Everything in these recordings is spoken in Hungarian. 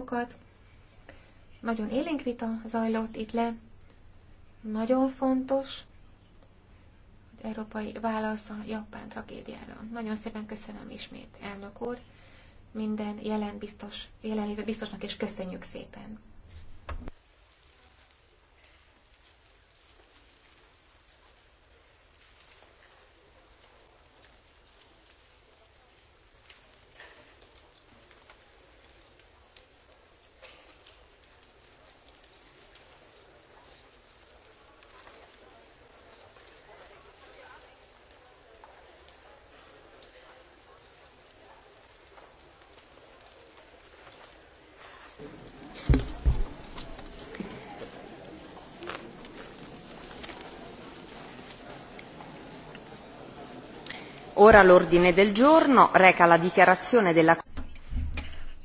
sokat. Nagyon élénk vita zajlott itt le. Nagyon fontos, hogy európai válasz a japán tragédiára. Nagyon szépen köszönöm ismét, elnök úr. Minden jelen biztos, jelenlévő biztosnak, és köszönjük szépen.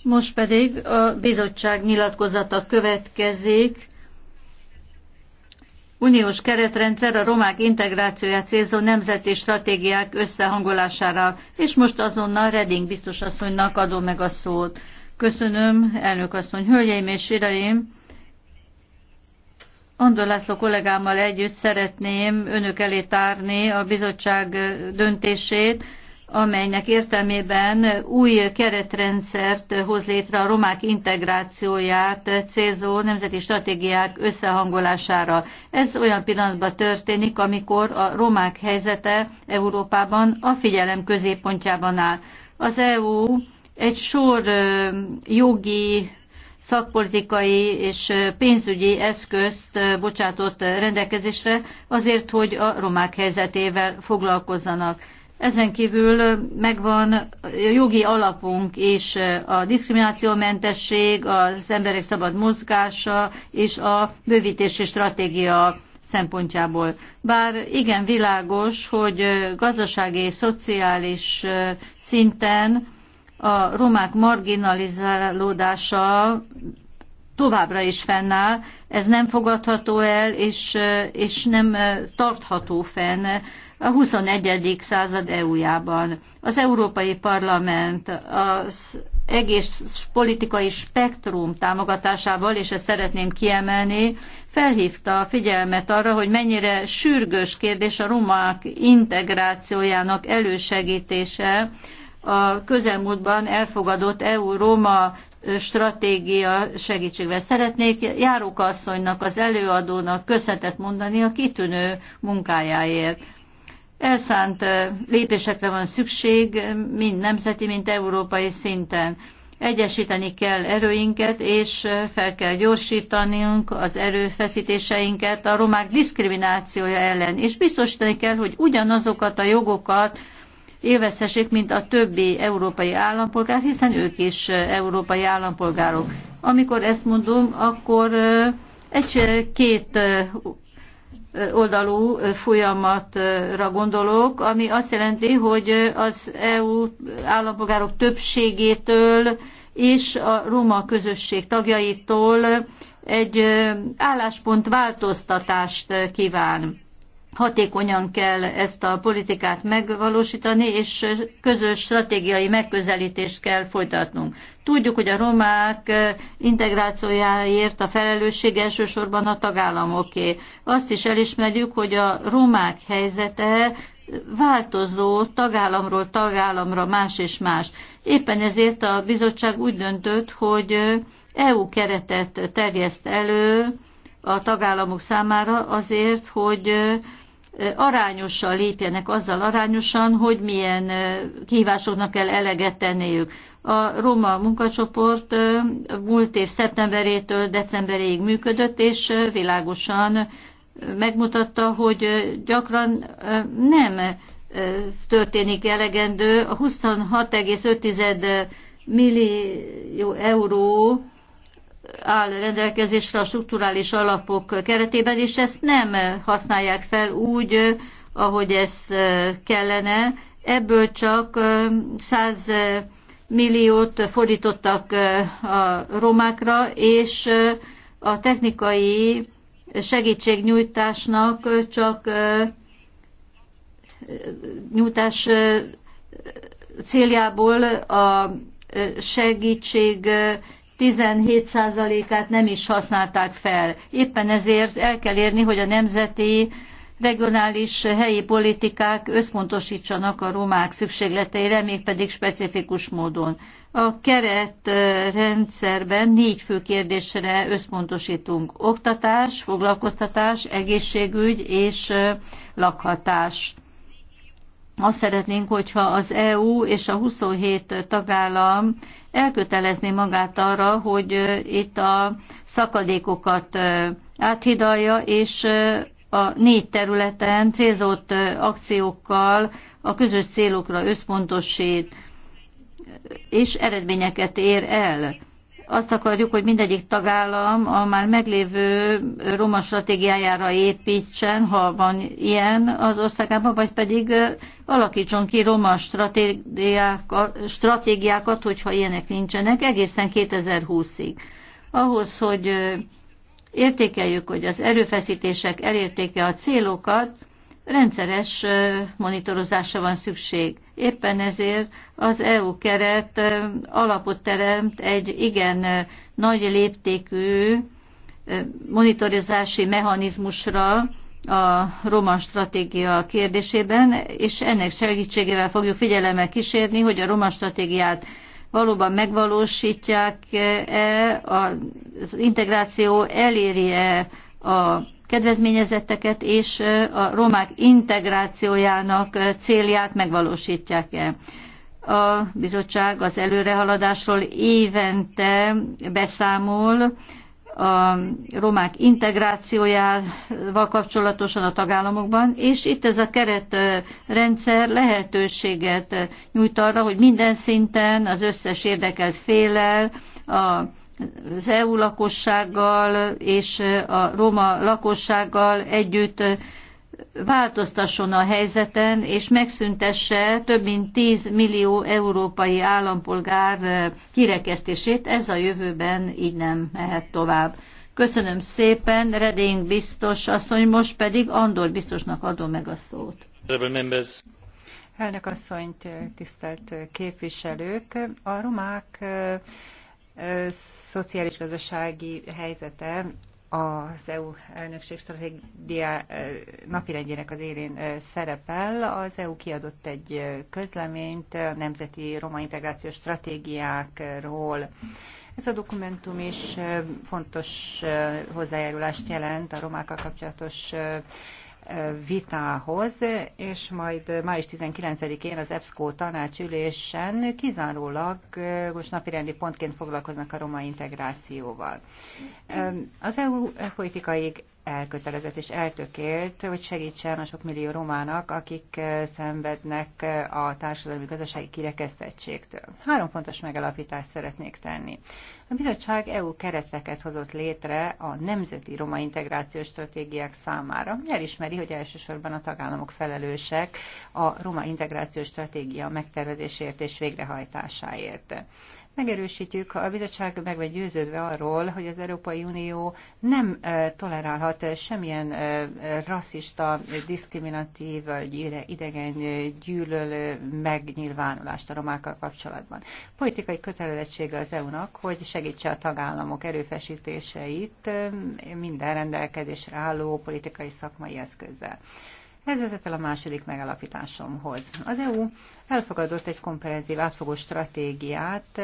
most pedig a bizottság nyilatkozata következik. Uniós keretrendszer a romák integrációját célzó nemzeti stratégiák összehangolására. És most azonnal Reding biztos asszonynak adom meg a szót. Köszönöm, elnök asszony, hölgyeim és iraim! Andor László kollégámmal együtt szeretném önök elé tárni a bizottság döntését, amelynek értelmében új keretrendszert hoz létre a romák integrációját célzó nemzeti stratégiák összehangolására. Ez olyan pillanatban történik, amikor a romák helyzete Európában a figyelem középpontjában áll. Az EU egy sor jogi szakpolitikai és pénzügyi eszközt bocsátott rendelkezésre azért, hogy a romák helyzetével foglalkozzanak. Ezen kívül megvan a jogi alapunk és a diszkriminációmentesség, az emberek szabad mozgása és a bővítési stratégia szempontjából. Bár igen világos, hogy gazdasági és szociális szinten a romák marginalizálódása továbbra is fennáll, ez nem fogadható el, és, és nem eh, tartható fenn a 21. század EU-jában. Az Európai Parlament az egész politikai spektrum támogatásával, és ezt szeretném kiemelni, felhívta a figyelmet arra, hogy mennyire sürgős kérdés a romák integrációjának elősegítése, a közelmúltban elfogadott EU-Róma stratégia segítségvel. Szeretnék Járóka asszonynak, az előadónak köszönetet mondani a kitűnő munkájáért. Elszánt lépésekre van szükség, mind nemzeti, mind európai szinten. Egyesíteni kell erőinket, és fel kell gyorsítanunk az erőfeszítéseinket a romák diszkriminációja ellen, és biztosítani kell, hogy ugyanazokat a jogokat, élvezhessék, mint a többi európai állampolgár, hiszen ők is európai állampolgárok. Amikor ezt mondom, akkor egy-két oldalú folyamatra gondolok, ami azt jelenti, hogy az EU állampolgárok többségétől és a roma közösség tagjaitól egy álláspont változtatást kíván hatékonyan kell ezt a politikát megvalósítani, és közös stratégiai megközelítést kell folytatnunk. Tudjuk, hogy a romák integrációjáért a felelősség elsősorban a tagállamoké. Azt is elismerjük, hogy a romák helyzete változó tagállamról tagállamra más és más. Éppen ezért a bizottság úgy döntött, hogy EU keretet terjeszt elő a tagállamok számára azért, hogy arányosan lépjenek azzal arányosan, hogy milyen kihívásoknak kell eleget tenniük. A Roma munkacsoport múlt év szeptemberétől decemberéig működött, és világosan megmutatta, hogy gyakran nem történik elegendő. A 26,5 millió euró áll rendelkezésre a strukturális alapok keretében, és ezt nem használják fel úgy, ahogy ezt kellene. Ebből csak 100 milliót fordítottak a romákra, és a technikai segítségnyújtásnak csak nyújtás céljából a segítség 17%-át nem is használták fel. Éppen ezért el kell érni, hogy a nemzeti regionális helyi politikák összpontosítsanak a romák szükségleteire, mégpedig specifikus módon. A keretrendszerben négy fő kérdésre összpontosítunk. Oktatás, foglalkoztatás, egészségügy és lakhatás. Azt szeretnénk, hogyha az EU és a 27 tagállam elkötelezni magát arra, hogy itt a szakadékokat áthidalja, és a négy területen célzott akciókkal a közös célokra összpontosít, és eredményeket ér el azt akarjuk, hogy mindegyik tagállam a már meglévő roma stratégiájára építsen, ha van ilyen az országában, vagy pedig alakítson ki roma stratégiákat, stratégiákat hogyha ilyenek nincsenek, egészen 2020-ig. Ahhoz, hogy értékeljük, hogy az erőfeszítések elértéke a célokat, rendszeres monitorozásra van szükség. Éppen ezért az EU keret alapot teremt egy igen nagy léptékű monitorozási mechanizmusra, a roma stratégia kérdésében, és ennek segítségével fogjuk figyelemmel kísérni, hogy a roma stratégiát valóban megvalósítják-e, az integráció eléri-e a kedvezményezetteket és a romák integrációjának célját megvalósítják-e. A bizottság az előrehaladásról évente beszámol a romák integrációjával kapcsolatosan a tagállamokban, és itt ez a keretrendszer lehetőséget nyújt arra, hogy minden szinten az összes érdekelt félel, a az EU lakossággal és a roma lakossággal együtt változtasson a helyzeten, és megszüntesse több mint 10 millió európai állampolgár kirekesztését. Ez a jövőben így nem mehet tovább. Köszönöm szépen, Redénk biztos asszony, most pedig Andor biztosnak adom meg a szót. Elnök asszonyt, tisztelt képviselők! A romák szociális gazdasági helyzete az EU elnökség stratégia napirendjének az élén szerepel. Az EU kiadott egy közleményt a Nemzeti Roma Integrációs Stratégiákról. Ez a dokumentum is fontos hozzájárulást jelent a romákkal kapcsolatos vitához, és majd május 19-én az EBSCO tanácsülésen kizárólag eh, most napirendi pontként foglalkoznak a roma integrációval. Az EU politikai elkötelezett és eltökélt, hogy segítsen a sok millió romának, akik szenvednek a társadalmi gazdasági kirekesztettségtől. Három fontos megalapítást szeretnék tenni. A bizottság EU kereteket hozott létre a nemzeti roma integrációs stratégiák számára. Elismeri, hogy elsősorban a tagállamok felelősek a roma integrációs stratégia megtervezéséért és végrehajtásáért megerősítjük, a bizottság meg vagy győződve arról, hogy az Európai Unió nem tolerálhat semmilyen rasszista, diszkriminatív vagy idegen gyűlölő megnyilvánulást a romákkal kapcsolatban. Politikai kötelezettsége az EU-nak, hogy segítse a tagállamok erőfesítéseit minden rendelkezésre álló politikai szakmai eszközzel. Ez vezet el a második megalapításomhoz. Az EU elfogadott egy komprehenzív átfogó stratégiát,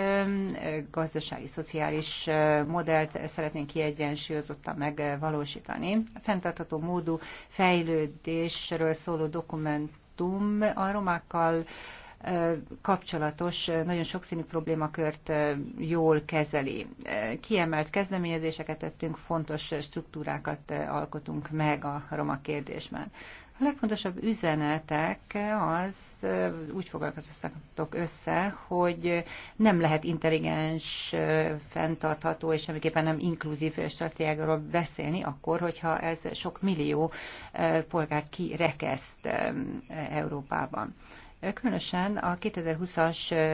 gazdasági, szociális modellt szeretnénk kiegyensúlyozottan megvalósítani. A fenntartható módú fejlődésről szóló dokumentum a romákkal kapcsolatos, nagyon sokszínű problémakört jól kezeli. Kiemelt kezdeményezéseket tettünk, fontos struktúrákat alkotunk meg a roma kérdésben. A legfontosabb üzenetek az úgy foglalkoztatok össze, hogy nem lehet intelligens, fenntartható és semmiképpen nem inkluzív stratégiáról beszélni akkor, hogyha ez sok millió polgár kirekeszt Európában. Különösen a 2020-as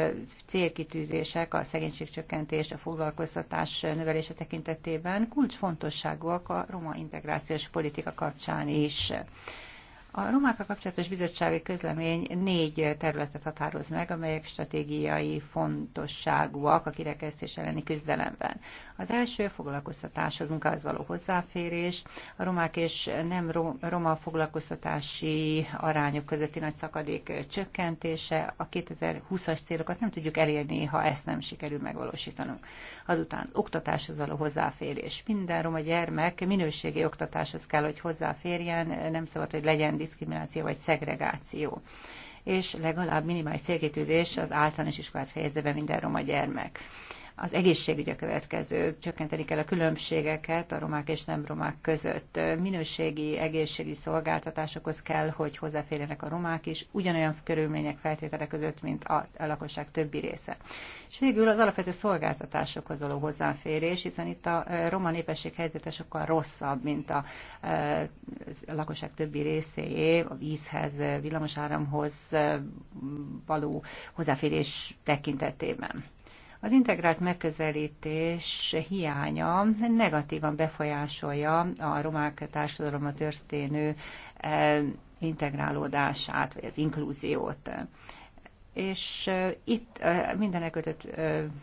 célkitűzések, a szegénységcsökkentés, a foglalkoztatás növelése tekintetében kulcsfontosságúak a roma integrációs politika kapcsán is. A romákkal kapcsolatos bizottsági közlemény négy területet határoz meg, amelyek stratégiai fontosságúak a kirekesztés elleni küzdelemben. Az első foglalkoztatáshoz, munkához való hozzáférés, a romák és nem roma foglalkoztatási arányok közötti nagy szakadék csökkentése, a 2020-as célokat nem tudjuk elérni, ha ezt nem sikerül megvalósítanunk. Azután oktatáshoz való hozzáférés. Minden roma gyermek minőségi oktatáshoz kell, hogy hozzáférjen, nem szabad, hogy legyen diszkrimináció vagy szegregáció és legalább minimális célkitűzés az általános iskolát fejezze be minden roma gyermek. Az egészségügy a következő, csökkenteni kell a különbségeket a romák és nem romák között. Minőségi egészségügyi szolgáltatásokhoz kell, hogy hozzáférjenek a romák is, ugyanolyan körülmények, feltételek között, mint a lakosság többi része. És végül az alapvető szolgáltatásokhoz való hozzáférés, hiszen itt a e, roma népesség helyzete sokkal rosszabb, mint a, e, a lakosság többi részéé, a vízhez, villamosáramhoz e, való hozzáférés tekintetében. Az integrált megközelítés hiánya negatívan befolyásolja a romák társadalomra történő eh, integrálódását, vagy az inkluziót. És eh, itt eh, mindenek ötött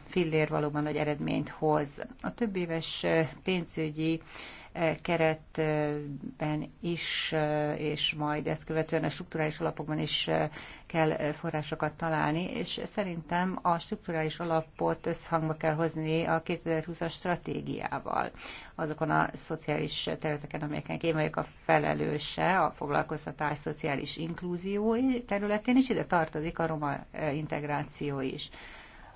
fillér valóban nagy eredményt hoz. A több éves pénzügyi E, keretben is, e, és majd ezt követően a strukturális alapokban is e, kell forrásokat találni, és szerintem a strukturális alapot összhangba kell hozni a 2020-as stratégiával. Azokon a szociális területeken, amelyeken én vagyok a felelőse, a foglalkoztatás, szociális inklúzió területén, és ide tartozik a roma integráció is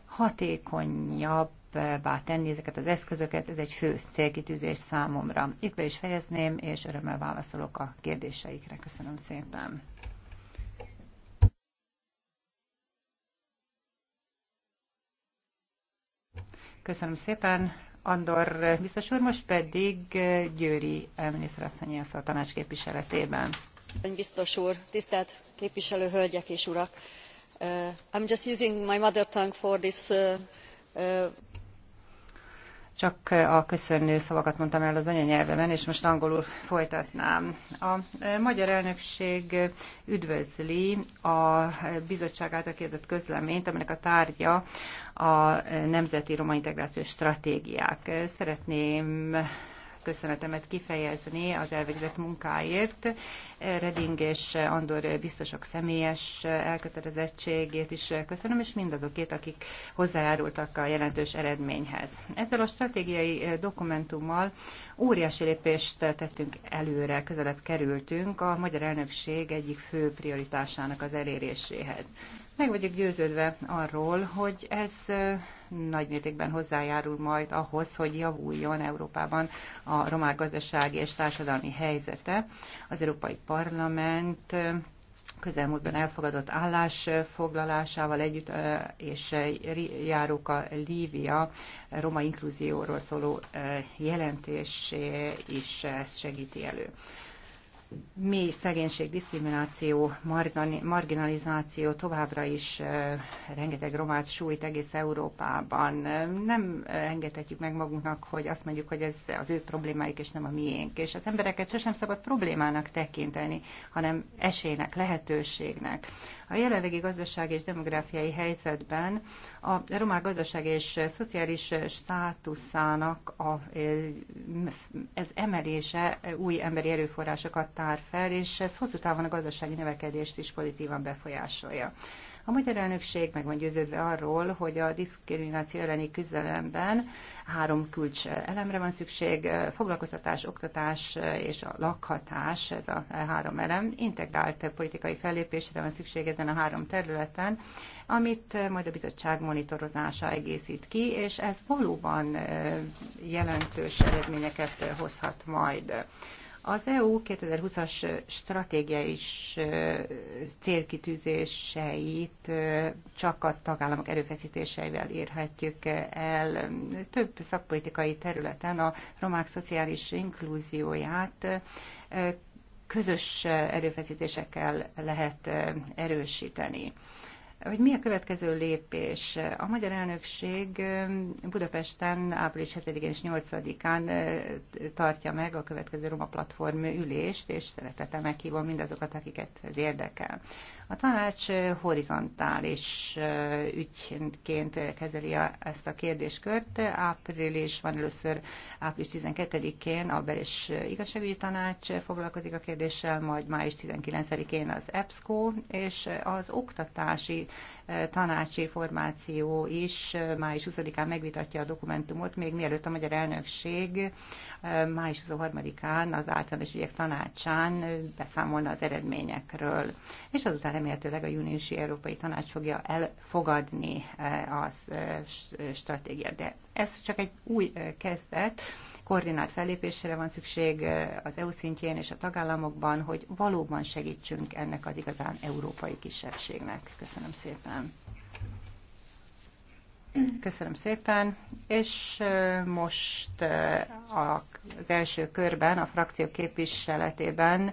hatékonyabb jobbá tenni ezeket az eszközöket, ez egy fő célkitűzés számomra. Itt be is fejezném, és örömmel válaszolok a kérdéseikre. Köszönöm szépen. Köszönöm szépen. Andor biztos úr, most pedig Győri miniszterasszonyi a tanács képviseletében. Biztos úr, tisztelt képviselő hölgyek és urak! Uh, I'm just using my mother tongue for this uh, uh, csak a köszönő szavakat mondtam el az anyanyelvemen, és most angolul folytatnám. A e, magyar elnökség üdvözli a bizottság által kiadott közleményt, aminek a tárgya a e, Nemzeti Roma Integrációs Stratégiák. Szeretném köszönetemet kifejezni az elvégzett munkáért. Reding és Andor biztosok személyes elkötelezettségét is köszönöm, és mindazokét, akik hozzájárultak a jelentős eredményhez. Ezzel a stratégiai dokumentummal óriási lépést tettünk előre, közelebb kerültünk a magyar elnökség egyik fő prioritásának az eléréséhez. Meg vagyok győződve arról, hogy ez nagymértékben hozzájárul majd ahhoz, hogy javuljon Európában a romák gazdasági és társadalmi helyzete. Az Európai Parlament közelmúltban elfogadott állásfoglalásával együtt, és járóka Lívia roma inkluzióról szóló jelentés is segíti elő mély szegénység, diszkrimináció, marginalizáció továbbra is rengeteg romát sújt egész Európában. Nem engedhetjük meg magunknak, hogy azt mondjuk, hogy ez az ő problémáik és nem a miénk. És az embereket sosem szabad problémának tekinteni, hanem esélynek, lehetőségnek. A jelenlegi gazdasági és demográfiai helyzetben a romák gazdaság és szociális státuszának a, e, ez emelése új emberi erőforrásokat tár fel, és ez hosszú távon a gazdasági növekedést is pozitívan befolyásolja. A magyar elnökség meg van győződve arról, hogy a diszkrimináció elleni küzdelemben három kulcs elemre van szükség, foglalkoztatás, oktatás és a lakhatás, ez a három elem. Integrált politikai fellépésre van szükség ezen a három területen, amit majd a bizottság monitorozása egészít ki, és ez valóban jelentős eredményeket hozhat majd. Az EU 2020-as stratégia is célkitűzéseit csak a tagállamok erőfeszítéseivel érhetjük el. Több szakpolitikai területen a romák szociális inkluzióját közös erőfeszítésekkel lehet erősíteni hogy mi a következő lépés? A magyar elnökség um, Budapesten április 7-én és 8-án uh, tartja meg a következő Roma Platform ülést, és szeretettel meghívom mindazokat, akiket ez érdekel. A tanács horizontális ügyként kezeli ezt a kérdéskört. van először április 12-én a bel- és igazságügyi tanács foglalkozik a kérdéssel, majd május 19-én az EBSCO, és az oktatási tanácsi formáció is május 20-án megvitatja a dokumentumot, még mielőtt a magyar elnökség május 23-án az általános ügyek tanácsán beszámolna az eredményekről. És azután remélhetőleg a júniusi Európai Tanács fogja elfogadni eh, a eh, stratégiát. De ez csak egy új eh, kezdet, koordinált fellépésre van szükség az EU szintjén és a tagállamokban, hogy valóban segítsünk ennek az igazán európai kisebbségnek. Köszönöm szépen. Köszönöm szépen, és most az első körben a frakció képviseletében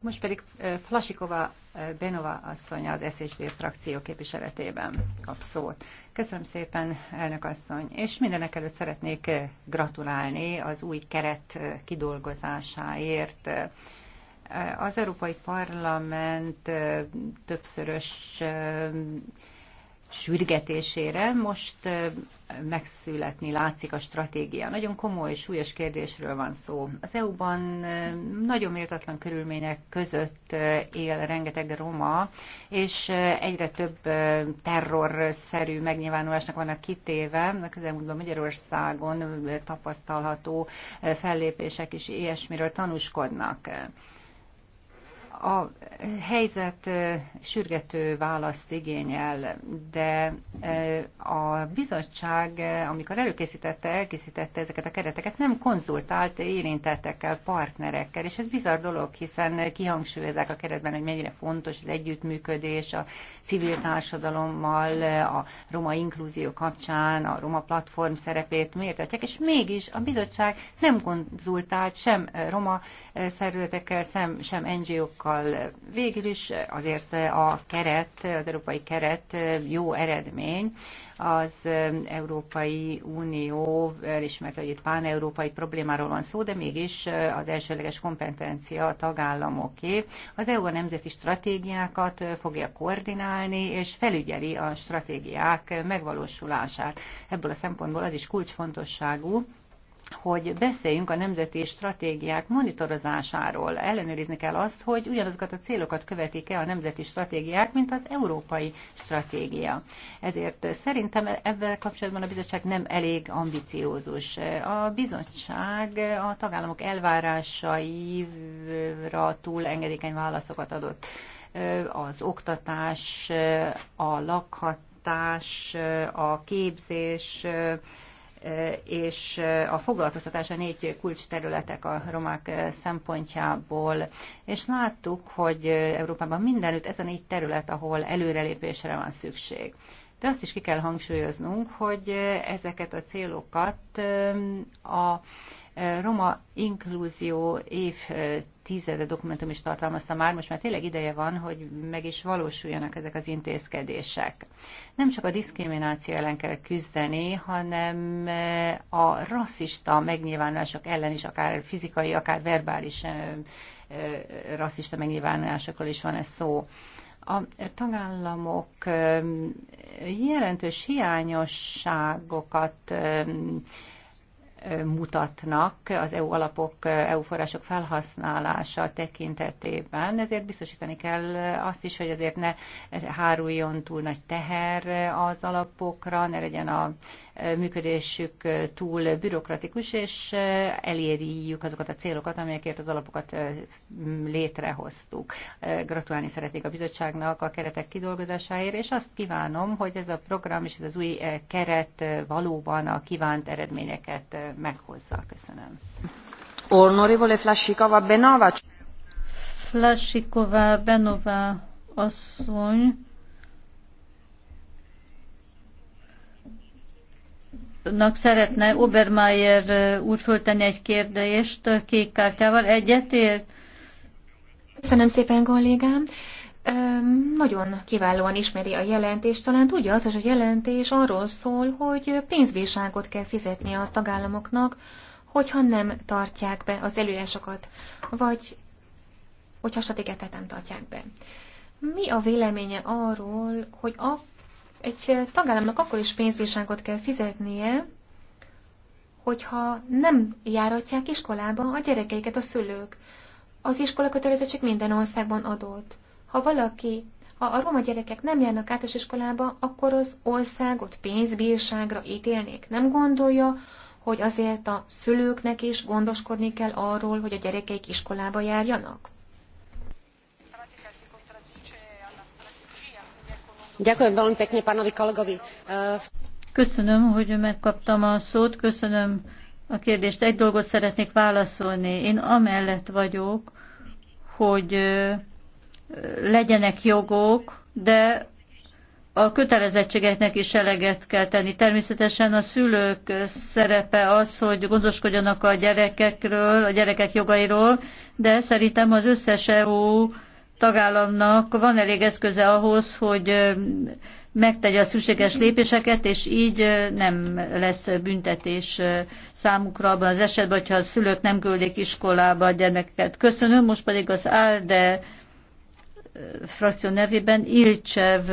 Most pedig Flasikova Benova asszony az SZSZB frakció képviseletében kap szót. Köszönöm szépen, elnök asszony, és mindenek előtt szeretnék gratulálni az új keret kidolgozásáért. Az Európai Parlament többszörös sürgetésére most megszületni látszik a stratégia. Nagyon komoly, súlyos kérdésről van szó. Az EU-ban nagyon méltatlan körülmények között él rengeteg roma, és egyre több terrorszerű megnyilvánulásnak vannak kitéve. A közelmúltban Magyarországon tapasztalható fellépések is ilyesmiről tanúskodnak a helyzet sürgető választ igényel, de a bizottság, amikor előkészítette, elkészítette ezeket a kereteket, nem konzultált érintettekkel, partnerekkel, és ez bizarr dolog, hiszen kihangsúlyozzák a keretben, hogy mennyire fontos az együttműködés a civil társadalommal, a roma inkluzió kapcsán, a roma platform szerepét mértetek, és mégis a bizottság nem konzultált sem roma szervezetekkel, sem, sem NGO-kkal, sokkal szóval Végül is azért a keret, az európai keret jó eredmény. Az Európai Unió elismerte, hogy itt pán-európai problémáról van szó, de mégis az elsőleges kompetencia a tagállamoké. Az EU a nemzeti stratégiákat fogja koordinálni, és felügyeli a stratégiák megvalósulását. Ebből a szempontból az is kulcsfontosságú, hogy beszéljünk a nemzeti stratégiák monitorozásáról. Ellenőrizni kell azt, hogy ugyanazokat a célokat követik-e a nemzeti stratégiák, mint az európai stratégia. Ezért szerintem ebben kapcsolatban a bizottság nem elég ambiciózus. A bizottság a tagállamok elvárásaira túl engedékeny válaszokat adott. Az oktatás, a lakhatás, a képzés, és a foglalkoztatás a négy kulcs területek a romák szempontjából. És láttuk, hogy Európában mindenütt ez a négy terület, ahol előrelépésre van szükség. De azt is ki kell hangsúlyoznunk, hogy ezeket a célokat a roma inkluzió évtizede dokumentum is tartalmazta már, most már tényleg ideje van, hogy meg is valósuljanak ezek az intézkedések. Nem csak a diszkrimináció ellen kell küzdeni, hanem eh, a rasszista megnyilvánulások ellen is, akár fizikai, akár verbális eh, eh, rasszista megnyilvánulásokról is van ez szó a tagállamok jelentős hiányosságokat mutatnak az EU alapok, EU források felhasználása tekintetében, ezért biztosítani kell azt is, hogy azért ne háruljon túl nagy teher az alapokra, ne legyen a működésük túl bürokratikus, és elérjük azokat a célokat, amelyekért az alapokat létrehoztuk. Gratulálni szeretnék a bizottságnak a keretek kidolgozásáért, és azt kívánom, hogy ez a program és ez az új keret valóban a kívánt eredményeket meghozza. Köszönöm. Honorevole Flasikova Benova. Flasikova Benova asszony. Nak szeretne Obermeier eh, úr föltenni egy kérdést kék kártyával. Egyetért? Köszönöm szépen, kollégám nagyon kiválóan ismeri a jelentést, talán tudja az hogy a jelentés arról szól, hogy pénzbírságot kell fizetni a tagállamoknak, hogyha nem tartják be az előírásokat, vagy hogyha stratégiát nem tartják be. Mi a véleménye arról, hogy a, egy tagállamnak akkor is pénzbírságot kell fizetnie, hogyha nem járatják iskolába a gyerekeiket a szülők? Az iskola kötelezettség minden országban adott. Ha valaki, ha a roma gyerekek nem járnak általános iskolába, akkor az országot pénzbírságra ítélnék. Nem gondolja, hogy azért a szülőknek is gondoskodni kell arról, hogy a gyerekeik iskolába járjanak? Köszönöm, hogy megkaptam a szót, köszönöm a kérdést. Egy dolgot szeretnék válaszolni. Én amellett vagyok, hogy legyenek jogok, de a kötelezettségeknek is eleget kell tenni. Természetesen a szülők szerepe az, hogy gondoskodjanak a gyerekekről, a gyerekek jogairól, de szerintem az összes EU tagállamnak van elég eszköze ahhoz, hogy megtegye a szükséges lépéseket, és így nem lesz büntetés számukra abban az esetben, hogyha a szülők nem küldik iskolába a gyermekeket. Köszönöm, most pedig az ALDE frakció nevében Ilcsev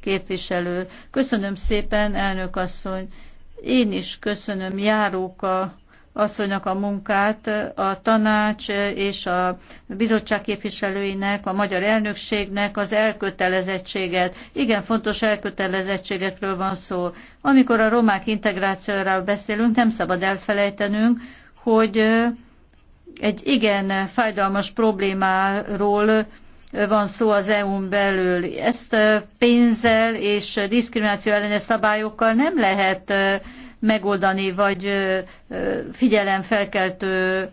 képviselő. Köszönöm szépen, elnök asszony. Én is köszönöm járóka asszonynak a munkát, a tanács és a bizottság képviselőinek, a magyar elnökségnek az elkötelezettséget. Igen, fontos elkötelezettségekről van szó. Amikor a romák integrációról beszélünk, nem szabad elfelejtenünk, hogy egy igen fájdalmas problémáról van szó az EU-n belül. Ezt pénzzel és diszkrimináció ellenes szabályokkal nem lehet megoldani, vagy figyelemfelkeltő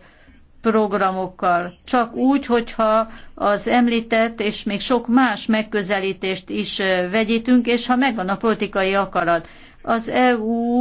programokkal. Csak úgy, hogyha az említett és még sok más megközelítést is vegyítünk, és ha megvan a politikai akarat. Az EU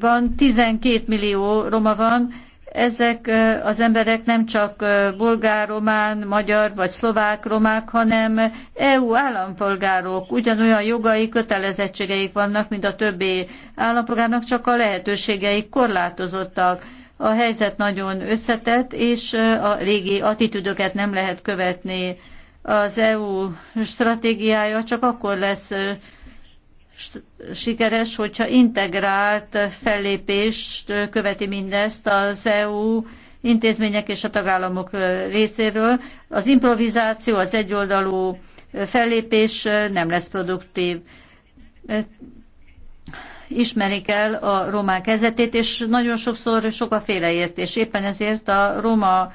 van 12 millió roma van, ezek az emberek nem csak bulgár román, magyar vagy szlovák romák, hanem EU állampolgárok. Ugyanolyan jogai, kötelezettségeik vannak, mint a többi állampolgárnak, csak a lehetőségeik korlátozottak. A helyzet nagyon összetett, és a régi attitűdöket nem lehet követni. Az EU stratégiája csak akkor lesz sikeres, hogyha integrált fellépést követi mindezt az EU intézmények és a tagállamok részéről. Az improvizáció, az egyoldalú fellépés nem lesz produktív. Ismerik el a romák kezetét, és nagyon sokszor sok a féleértés. Éppen ezért a roma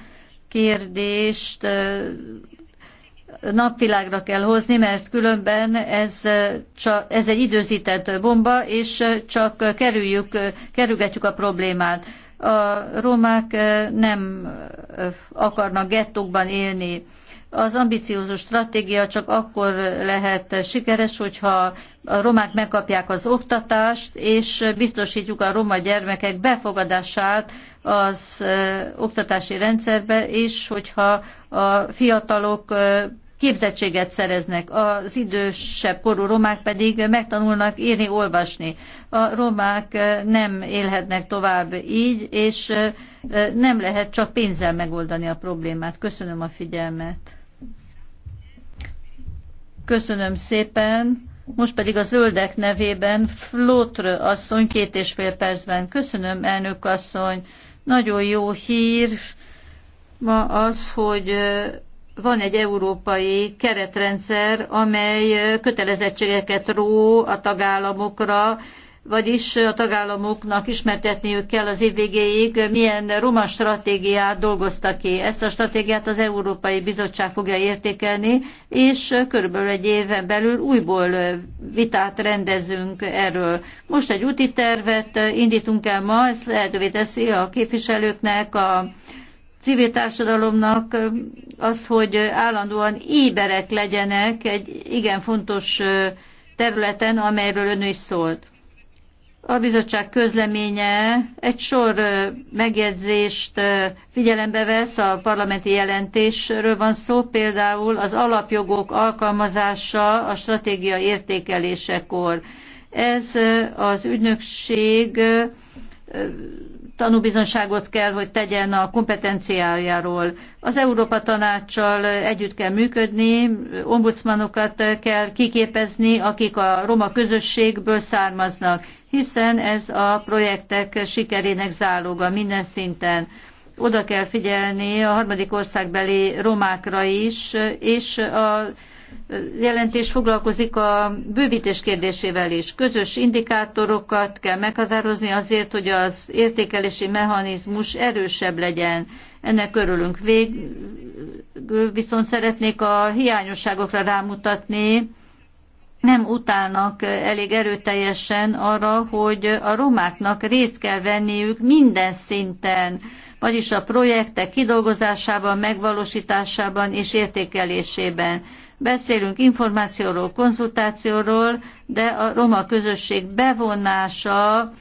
kérdést napvilágra kell hozni, mert különben ez, ez egy időzített bomba, és csak kerüljük, kerülgetjük a problémát. A romák nem akarnak gettókban élni. Az ambiciózus stratégia csak akkor lehet sikeres, hogyha a romák megkapják az oktatást, és biztosítjuk a roma gyermekek befogadását az oktatási rendszerbe, és hogyha a fiatalok képzettséget szereznek, az idősebb korú romák pedig megtanulnak írni, olvasni. A romák nem élhetnek tovább így, és nem lehet csak pénzzel megoldani a problémát. Köszönöm a figyelmet. Köszönöm szépen. Most pedig a zöldek nevében Flótr asszony két és fél percben. Köszönöm, elnök asszony. Nagyon jó hír ma az, hogy van egy európai keretrendszer, amely kötelezettségeket ró a tagállamokra, vagyis a tagállamoknak ismertetniük kell az évvégéig, milyen roma stratégiát dolgoztak ki. Ezt a stratégiát az Európai Bizottság fogja értékelni, és körülbelül egy éven belül újból vitát rendezünk erről. Most egy úti tervet indítunk el ma, ez lehetővé teszi a képviselőknek, a civil társadalomnak az, hogy állandóan éberek legyenek egy igen fontos területen, amelyről ön is szólt. A bizottság közleménye egy sor megjegyzést figyelembe vesz, a parlamenti jelentésről van szó, például az alapjogok alkalmazása a stratégia értékelésekor. Ez az ügynökség tanúbizonságot kell, hogy tegyen a kompetenciájáról. Az Európa Tanácssal együtt kell működni, ombudsmanokat kell kiképezni, akik a roma közösségből származnak, hiszen ez a projektek sikerének záloga minden szinten. Oda kell figyelni a harmadik országbeli romákra is, és a jelentés foglalkozik a bővítés kérdésével is. Közös indikátorokat kell meghatározni azért, hogy az értékelési mechanizmus erősebb legyen. Ennek örülünk. Végül viszont szeretnék a hiányosságokra rámutatni, nem utálnak elég erőteljesen arra, hogy a romáknak részt kell venniük minden szinten, vagyis a projektek kidolgozásában, megvalósításában és értékelésében Beszélünk információról, konzultációról, de a roma közösség bevonása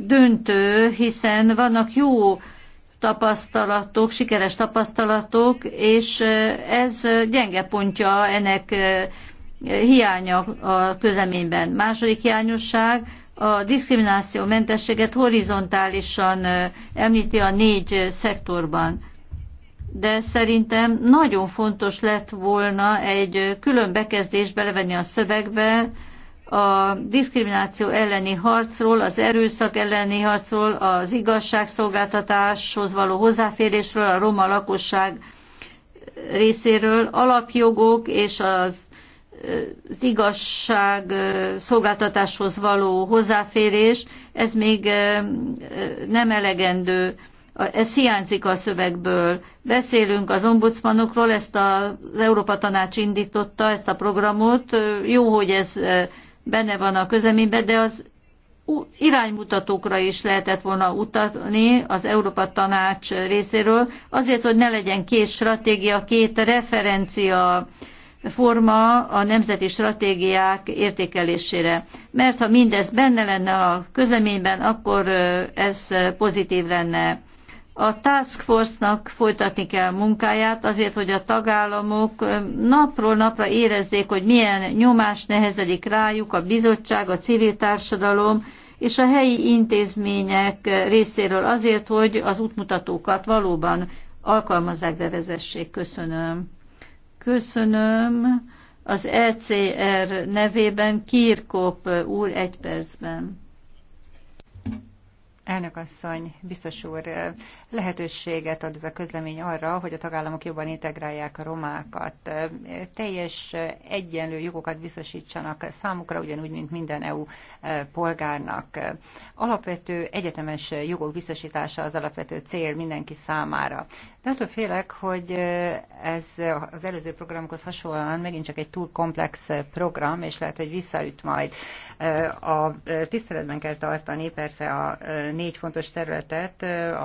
döntő, hiszen vannak jó tapasztalatok, sikeres tapasztalatok, és eh, ez gyenge pontja ennek eh, hiánya a közeményben. Második hiányosság, a diszkrimináció mentességet horizontálisan eh, említi a négy szektorban de szerintem nagyon fontos lett volna egy külön bekezdést belevenni a szövegbe a diszkrimináció elleni harcról, az erőszak elleni harcról, az igazságszolgáltatáshoz való hozzáférésről, a roma lakosság részéről, alapjogok és az az igazság szolgáltatáshoz való hozzáférés, ez még nem elegendő ez hiányzik a szövegből. Beszélünk az ombudsmanokról, ezt az Európa Tanács indította, ezt a programot. Jó, hogy ez benne van a közleményben, de az iránymutatókra is lehetett volna utatni az Európa Tanács részéről, azért, hogy ne legyen két stratégia, két referencia forma a nemzeti stratégiák értékelésére. Mert ha mindez benne lenne a közleményben, akkor ez pozitív lenne. A Task Force-nak folytatni kell munkáját azért, hogy a tagállamok napról napra érezzék, hogy milyen nyomás nehezedik rájuk a bizottság, a civil társadalom és a helyi intézmények részéről azért, hogy az útmutatókat valóban alkalmazzák, bevezessék. Köszönöm. Köszönöm. Az ECR nevében Kirkop úr egy percben. Elnök asszony, biztos úr, lehetőséget ad ez a közlemény arra, hogy a tagállamok jobban integrálják a romákat, teljes egyenlő jogokat biztosítsanak számukra, ugyanúgy, mint minden EU polgárnak. Alapvető egyetemes jogok biztosítása az alapvető cél mindenki számára. De attól félek, hogy ez az előző programokhoz hasonlóan megint csak egy túl komplex program, és lehet, hogy visszaüt majd. A tiszteletben kell tartani persze a négy fontos területet,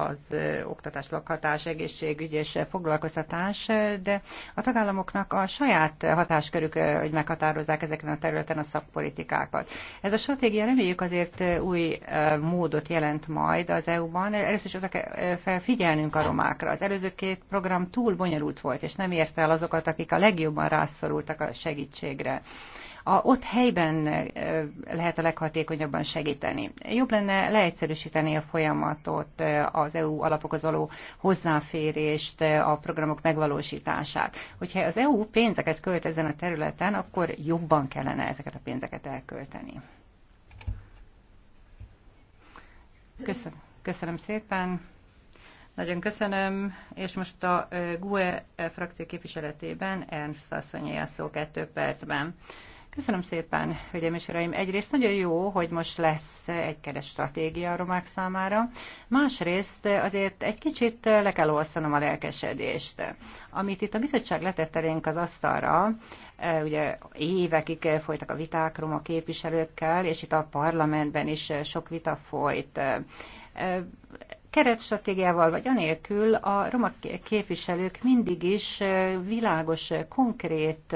az oktatás, lakhatás, egészségügy és foglalkoztatás, de a tagállamoknak a saját hatáskörük, hogy meghatározzák ezeken a területen a szakpolitikákat. Ez a stratégia reméljük azért új módot jelent majd az EU-ban. Először is oda kell figyelnünk a romákra. Az előző két program túl bonyolult volt, és nem érte el azokat, akik a legjobban rászorultak a segítségre a, ott helyben lehet a leghatékonyabban segíteni. Jobb lenne leegyszerűsíteni a folyamatot, az EU alapokhoz való hozzáférést, a programok megvalósítását. Hogyha az EU pénzeket költ ezen a területen, akkor jobban kellene ezeket a pénzeket elkölteni. Köszönöm, köszönöm szépen. Nagyon köszönöm, és most a GUE frakció képviseletében Ernst asszonyé a szó kettő percben. Köszönöm szépen, hölgyeim és uraim. Egyrészt nagyon jó, hogy most lesz egy keres stratégia a romák számára. Másrészt azért egy kicsit le kell olszanom a lelkesedést. Amit itt a bizottság letett elénk az asztalra, e, ugye évekig folytak a viták roma képviselőkkel, és itt a parlamentben is sok vita folyt e, keretstratégiával vagy anélkül a roma képviselők mindig is e, világos, konkrét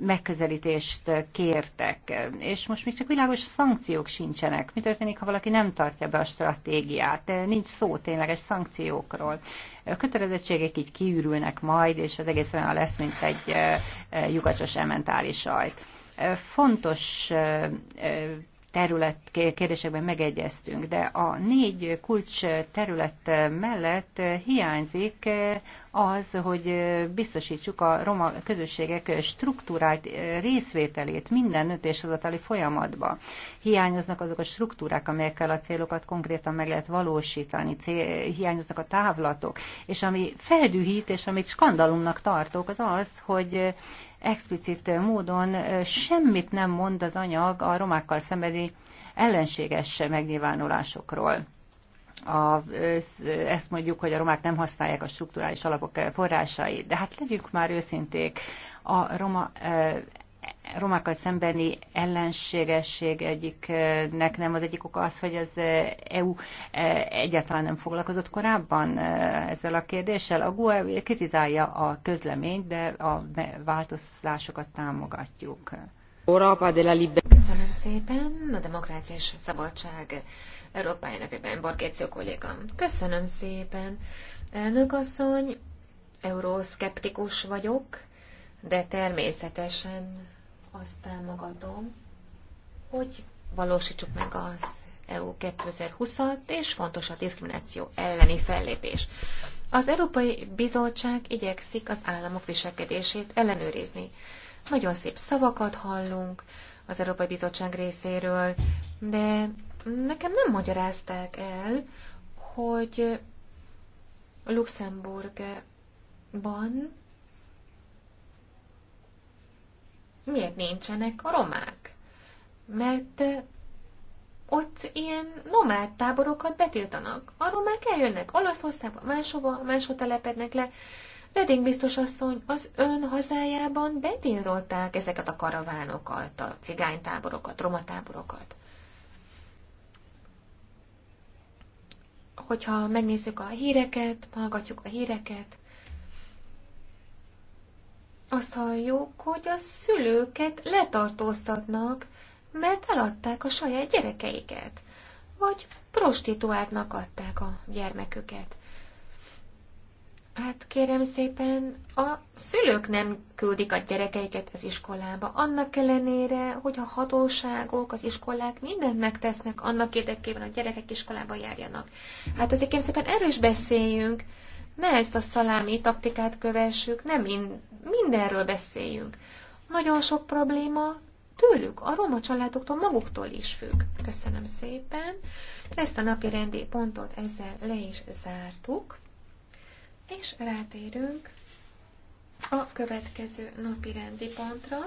megközelítést kértek, és most még csak világos szankciók sincsenek. Mi történik, ha valaki nem tartja be a stratégiát? Nincs szó tényleges szankciókról. A kötelezettségek így kiürülnek majd, és az egész olyan lesz, mint egy eh, eh, lyukacsos ementális sajt. Eh, fontos terület kérdésekben megegyeztünk, de a négy kulcs terület mellett hiányzik az, hogy biztosítsuk a roma közösségek struktúrált részvételét minden döntéshozatali folyamatba. Hiányoznak azok a struktúrák, amelyekkel a célokat konkrétan meg lehet valósítani, hiányoznak a távlatok, és ami feldühít, és amit skandalumnak tartok, az az, hogy explicit módon semmit nem mond az anyag a romákkal szembeni ellenséges megnyilvánulásokról. A, ezt mondjuk, hogy a romák nem használják a strukturális alapok forrásait, de hát legyünk már őszinték, a roma romákkal szembeni ellenségesség egyiknek nem az egyik oka az, hogy az eh, EU eh, egyáltalán nem foglalkozott korábban eh, ezzel a kérdéssel. A GUE kritizálja a közleményt, de a változásokat támogatjuk. Köszönöm szépen, a demokrácia és szabadság Európai Nevében, Borgéció kollégám. Köszönöm szépen, elnök asszony, euroszkeptikus vagyok, de természetesen azt támogatom, hogy valósítsuk meg az EU 2020-at, és fontos a diszkrimináció elleni fellépés. Az Európai Bizottság igyekszik az államok viselkedését ellenőrizni. Nagyon szép szavakat hallunk az Európai Bizottság részéről, de nekem nem magyarázták el, hogy Luxemburgban miért nincsenek a romák? Mert ott ilyen nomád táborokat betiltanak. A romák eljönnek Olaszországba, máshova, máshova telepednek le. Redding biztos asszony, az ön hazájában betiltották ezeket a karavánokat, a cigánytáborokat, romatáborokat. Hogyha megnézzük a híreket, hallgatjuk a híreket, azt halljuk, hogy a szülőket letartóztatnak, mert eladták a saját gyerekeiket, vagy prostituáltnak adták a gyermeküket. Hát kérem szépen, a szülők nem küldik a gyerekeiket az iskolába, annak ellenére, hogy a hatóságok, az iskolák mindent megtesznek annak érdekében, hogy a gyerekek iskolába járjanak. Hát azért kérem szépen erről is beszéljünk, ne ezt a szalámi taktikát kövessük, nem mind, mindenről beszéljünk. Nagyon sok probléma tőlük, a roma családoktól maguktól is függ. Köszönöm szépen. Ezt a napi rendi pontot ezzel le is zártuk, és rátérünk a következő napi rendi pontra.